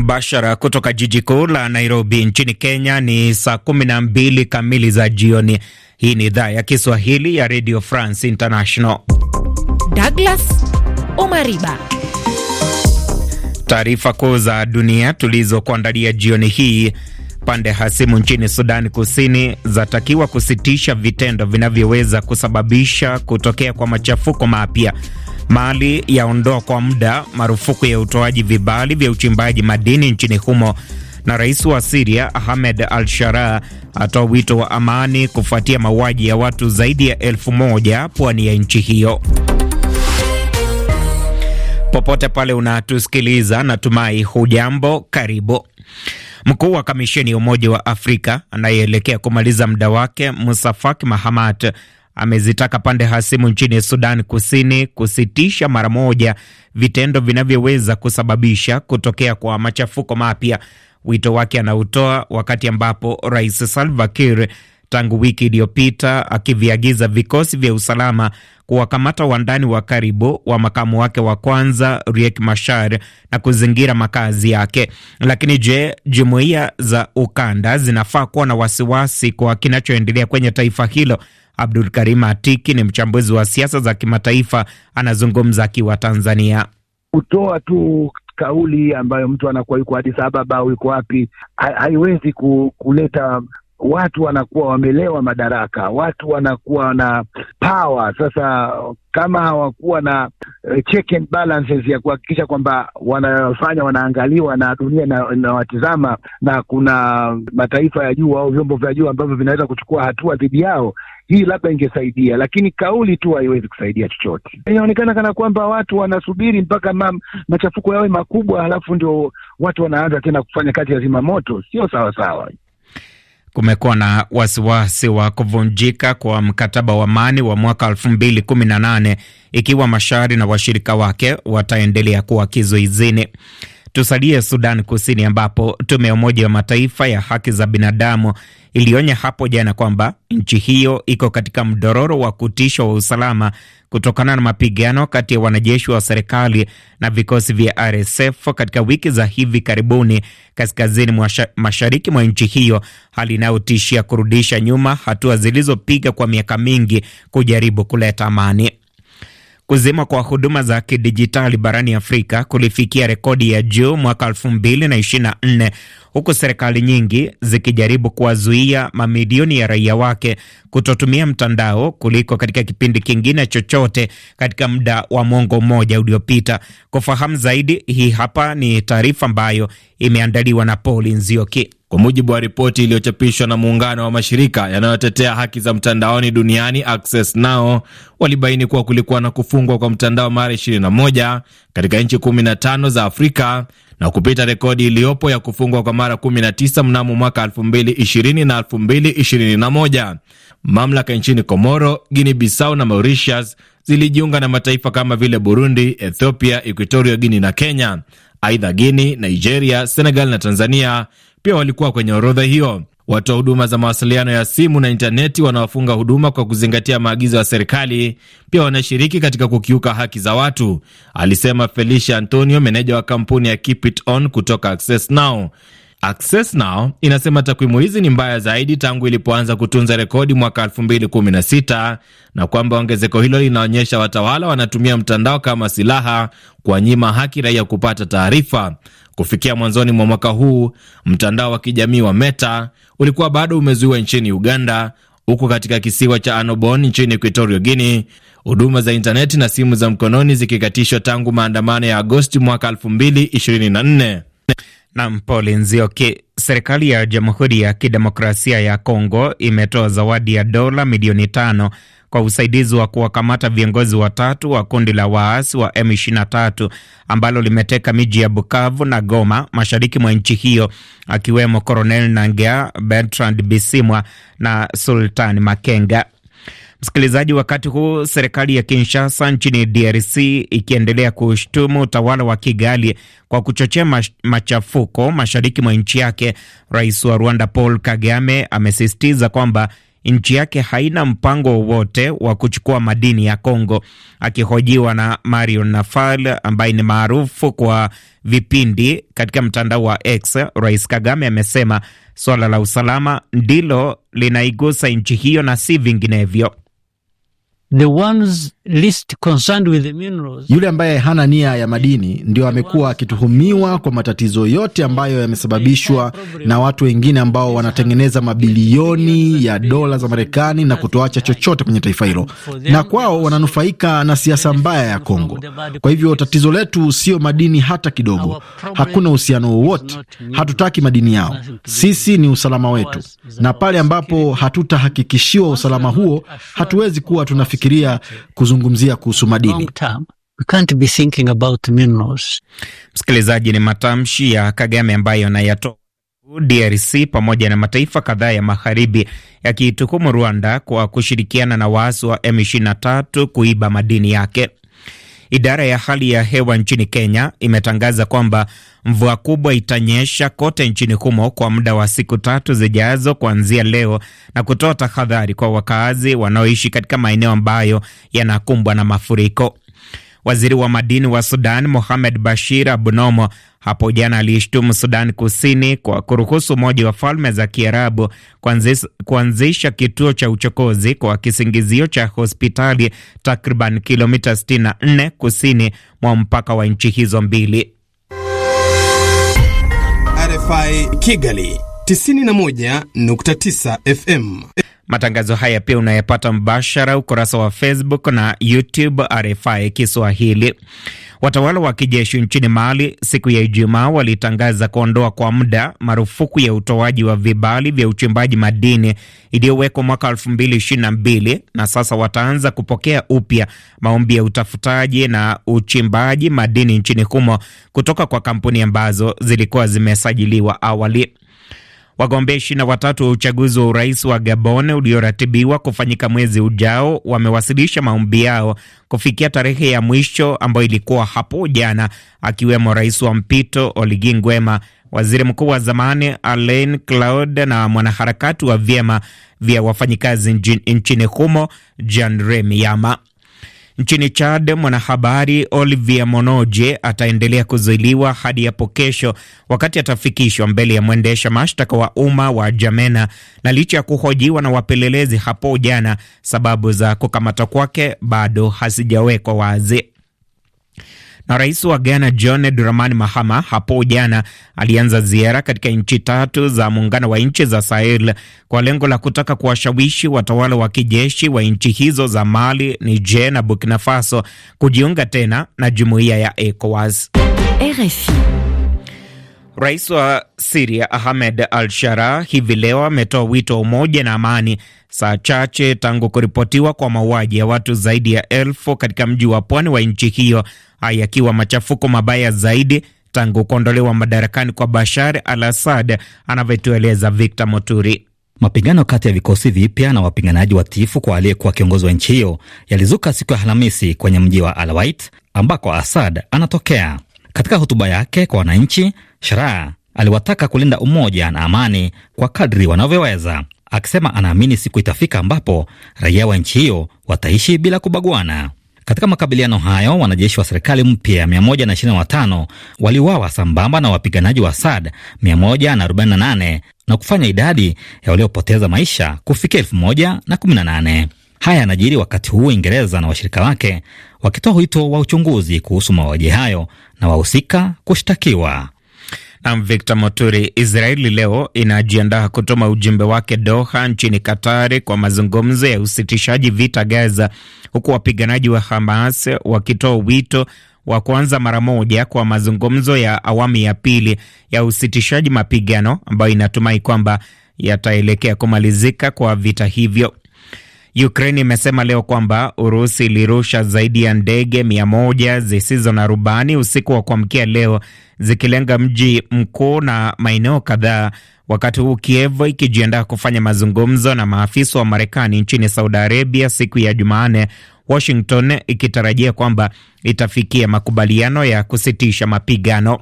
mbashara kutoka jiji kuu la Nairobi nchini Kenya. Ni saa kumi na mbili kamili za jioni. Hii ni idhaa ya Kiswahili ya Radio France International. Douglas Omariba, taarifa kuu za dunia tulizokuandalia jioni hii. Pande hasimu nchini Sudani Kusini zatakiwa kusitisha vitendo vinavyoweza kusababisha kutokea kwa machafuko mapya. Mali yaondoa kwa muda marufuku ya utoaji vibali vya uchimbaji madini nchini humo, na rais wa Siria Ahmed al-Sharaa atoa wito wa amani kufuatia mauaji ya watu zaidi ya elfu moja pwani ya nchi hiyo. Popote pale unatusikiliza, natumai hujambo. Karibu. Mkuu wa kamisheni ya Umoja wa Afrika anayeelekea kumaliza muda wake Musa Faki Mahamat amezitaka pande hasimu nchini Sudan Kusini kusitisha mara moja vitendo vinavyoweza kusababisha kutokea kwa machafuko mapya. Wito wake anautoa wakati ambapo Rais Salva Kiir tangu wiki iliyopita akiviagiza vikosi vya usalama kuwakamata wandani wa karibu wa makamu wake wa kwanza Riek Machar na kuzingira makazi yake. Lakini je, jumuiya za ukanda zinafaa kuwa na wasiwasi kwa kinachoendelea kwenye taifa hilo? Abdul Karim Atiki ni mchambuzi wa siasa za kimataifa, anazungumza akiwa Tanzania. kutoa tu kauli ambayo mtu anakuwa yuko hadi Ababa au yuko wapi, haiwezi kuleta watu wanakuwa wamelewa madaraka, watu wanakuwa na pawa. Sasa kama hawakuwa na eh, check and balances ya kuhakikisha kwamba wanafanya wanaangaliwa na dunia inawatizama na, na kuna mataifa ya juu au vyombo vya juu ambavyo vinaweza kuchukua hatua dhidi yao, hii labda ingesaidia, lakini kauli tu haiwezi kusaidia chochote. Inaonekana kana kwamba watu wanasubiri mpaka ma, machafuko yawe makubwa, halafu ndio watu wanaanza tena kufanya kazi ya zimamoto. Sio sawasawa kumekuwa na wasiwasi wa kuvunjika kwa mkataba wa amani wa mwaka 2018 ikiwa Mashari na washirika wake wataendelea kuwa kizuizini. Tusalie Sudan Kusini, ambapo tume ya Umoja wa Mataifa ya haki za binadamu ilionya hapo jana kwamba nchi hiyo iko katika mdororo wa kutisha wa usalama kutokana na mapigano kati ya wanajeshi wa serikali na vikosi vya RSF katika wiki za hivi karibuni kaskazini mashariki mwa nchi hiyo, hali inayotishia kurudisha nyuma hatua zilizopiga kwa miaka mingi kujaribu kuleta amani. Kuzima kwa huduma za kidijitali barani Afrika kulifikia rekodi ya juu mwaka 2024 huku serikali nyingi zikijaribu kuwazuia mamilioni ya raia wake kutotumia mtandao kuliko katika kipindi kingine chochote katika muda wa mwongo mmoja uliopita. Kufahamu zaidi, hii hapa ni taarifa ambayo imeandaliwa na Paul Nzioki. Kwa mujibu wa ripoti iliyochapishwa na muungano wa mashirika yanayotetea haki za mtandaoni duniani Access Now, walibaini kuwa kulikuwa na kufungwa kwa mtandao mara 21 katika nchi 15 za Afrika na kupita rekodi iliyopo ya kufungwa kwa mara 19 mnamo mwaka 2020 na 2021. Mamlaka nchini Komoro, Guinea Bissau na Mauritius zilijiunga na mataifa kama vile Burundi, Ethiopia, Equatorio Guinea na Kenya. Aidha, Guinea, Nigeria, Senegal na Tanzania pia walikuwa kwenye orodha hiyo. Watoa huduma za mawasiliano ya simu na intaneti wanaofunga huduma kwa kuzingatia maagizo ya serikali pia wanashiriki katika kukiuka haki za watu, alisema Felicia Antonio, meneja wa kampuni ya Keep It On kutoka Access Now. Access Now inasema takwimu hizi ni mbaya zaidi tangu ilipoanza kutunza rekodi mwaka 2016 na kwamba ongezeko hilo linaonyesha watawala wanatumia mtandao kama silaha kuwanyima haki raia kupata taarifa. Kufikia mwanzoni mwa mwaka huu, mtandao wa kijamii wa Meta ulikuwa bado umezuiwa nchini Uganda, huku katika kisiwa cha Anobon nchini Equatorial guinea huduma za intaneti na simu za mkononi zikikatishwa tangu maandamano ya Agosti mwaka 2024 na Mpole Nzioki. Serikali ya Jamhuri ya Kidemokrasia ya Kongo imetoa zawadi ya dola milioni tano kwa usaidizi wa kuwakamata viongozi watatu wa kundi la waasi wa M23 ambalo limeteka miji ya Bukavu na Goma mashariki mwa nchi hiyo, akiwemo Coronel Nangea, Bertrand Bisimwa na Sultan Makenga. Msikilizaji, wakati huu serikali ya Kinshasa nchini DRC ikiendelea kushtumu utawala wa Kigali kwa kuchochea machafuko mashariki mwa nchi yake, rais wa Rwanda Paul Kagame amesisitiza kwamba nchi yake haina mpango wowote wa kuchukua madini ya congo Akihojiwa na Mario Nafal ambaye ni maarufu kwa vipindi katika mtandao wa X, Rais Kagame amesema swala la usalama ndilo linaigusa nchi hiyo na si vinginevyo. the ones least concerned with the minerals. Yule ambaye hana nia ya madini ndio amekuwa akituhumiwa kwa matatizo yote ambayo yamesababishwa na watu wengine ambao wanatengeneza mabilioni ya dola za Marekani na kutoacha chochote kwenye taifa hilo, na kwao wananufaika na siasa mbaya ya Kongo. Kwa hivyo tatizo letu sio madini hata kidogo, hakuna uhusiano wowote. Hatutaki madini yao, sisi ni usalama wetu, na pale ambapo hatutahakikishiwa usalama huo, hatuwezi kuwa tunafikiria kuzum kuzungumzia kuhusu madini. We can't be thinking about minerals. Msikilizaji, ni matamshi ya Kagame ambayo anayatoa DRC pamoja na mataifa kadhaa ya magharibi yakiituhumu Rwanda kwa kushirikiana na waasi wa M23 kuiba madini yake. Idara ya hali ya hewa nchini Kenya imetangaza kwamba mvua kubwa itanyesha kote nchini humo kwa muda wa siku tatu zijazo kuanzia leo na kutoa tahadhari kwa wakaazi wanaoishi katika maeneo ambayo yanakumbwa na mafuriko. Waziri wa madini wa Sudan Mohamed Bashir Abunomo hapo jana aliishtumu Sudan Kusini kwa kuruhusu Umoja wa Falme za Kiarabu kuanzisha, kuanzisha kituo cha uchokozi kwa kisingizio cha hospitali takriban kilomita 64 kusini mwa mpaka wa nchi hizo mbili. RFI Kigali 91.9 FM. Matangazo haya pia unayapata mbashara ukurasa wa Facebook na YouTube RFI Kiswahili. Watawala wa kijeshi nchini Mali siku ya Ijumaa walitangaza kuondoa kwa muda marufuku ya utoaji wa vibali vya uchimbaji madini iliyowekwa mwaka 2022 na sasa wataanza kupokea upya maombi ya utafutaji na uchimbaji madini nchini humo kutoka kwa kampuni ambazo zilikuwa zimesajiliwa awali. Wagombea ishirini na watatu wa uchaguzi wa urais wa Gabon ulioratibiwa kufanyika mwezi ujao wamewasilisha maombi yao kufikia tarehe ya mwisho ambayo ilikuwa hapo jana, akiwemo rais wa mpito Oligi Nguema, waziri mkuu wa zamani Alain Claude na mwanaharakati wa vyema vya wafanyikazi nchini humo Jean Remy Yama. Nchini Chad, mwanahabari Olivia Monoje ataendelea kuzuiliwa hadi hapo kesho, wakati atafikishwa mbele ya mwendesha mashtaka wa umma wa Jamena, na licha ya kuhojiwa na wapelelezi hapo jana, sababu za kukamata kwake bado hazijawekwa wazi. Na rais wa Ghana John Dramani Mahama hapo jana alianza ziara katika nchi tatu za muungano wa nchi za Sahel kwa lengo la kutaka kuwashawishi watawala wa kijeshi wa nchi hizo za Mali, Niger na Burkina Faso kujiunga tena na jumuiya ya ECOWAS. RFI Rais wa Siria Ahmed al Shara hivi leo ametoa wito wa umoja na amani saa chache tangu kuripotiwa kwa mauaji ya watu zaidi ya elfu katika mji wa pwani wa nchi hiyo, haya yakiwa machafuko mabaya zaidi tangu kuondolewa madarakani kwa Bashar al Assad, anavyotueleza Victor Moturi. Mapigano kati ya vikosi vipya na wapiganaji watiifu kwa aliyekuwa kiongozi wa nchi hiyo yalizuka siku ya Alhamisi kwenye mji wa Alwait ambako Assad anatokea. Katika hotuba yake kwa wananchi Sharaa aliwataka kulinda umoja na amani kwa kadri wanavyoweza, akisema anaamini siku itafika ambapo raia wa nchi hiyo wataishi bila kubaguana. Katika makabiliano hayo wanajeshi wa serikali mpya 125 waliuawa sambamba na wapiganaji wa sad 148 na kufanya idadi ya waliopoteza maisha kufikia 1018. Haya yanajiri wakati huu Uingereza na washirika wake wakitoa wito wa uchunguzi kuhusu mauaji hayo na wahusika kushtakiwa. Nam Victor Moturi. Israeli leo inajiandaa kutuma ujumbe wake Doha nchini Katari kwa mazungumzo ya usitishaji vita Gaza, huku wapiganaji wa Hamas wakitoa wito wa kuanza mara moja kwa mazungumzo ya awamu ya pili ya usitishaji mapigano ambayo inatumai kwamba yataelekea kumalizika kwa vita hivyo. Ukraine imesema leo kwamba Urusi ilirusha zaidi ya ndege mia moja zisizo na rubani usiku wa kuamkia leo zikilenga mji mkuu na maeneo kadhaa, wakati huu Kiev ikijiandaa kufanya mazungumzo na maafisa wa Marekani nchini Saudi Arabia siku ya Jumanne, Washington ikitarajia kwamba itafikia makubaliano ya kusitisha mapigano.